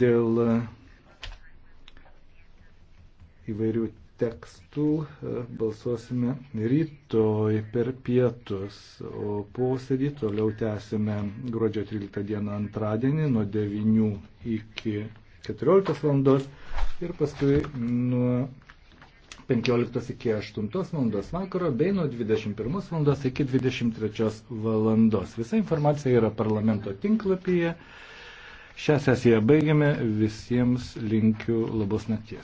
dėl e, įvairių tekstų e, balsuosime rytoj per pietus, o posėdį toliau tęsime gruodžio 13 dieną antradienį nuo 9 iki 14 valandos ir paskui nuo 15 iki 8 valandos vakaro bei nuo 21 valandos iki 23 valandos. Visa informacija yra parlamento tinklapyje. Šią sesiją baigiame, visiems linkiu labos nakties.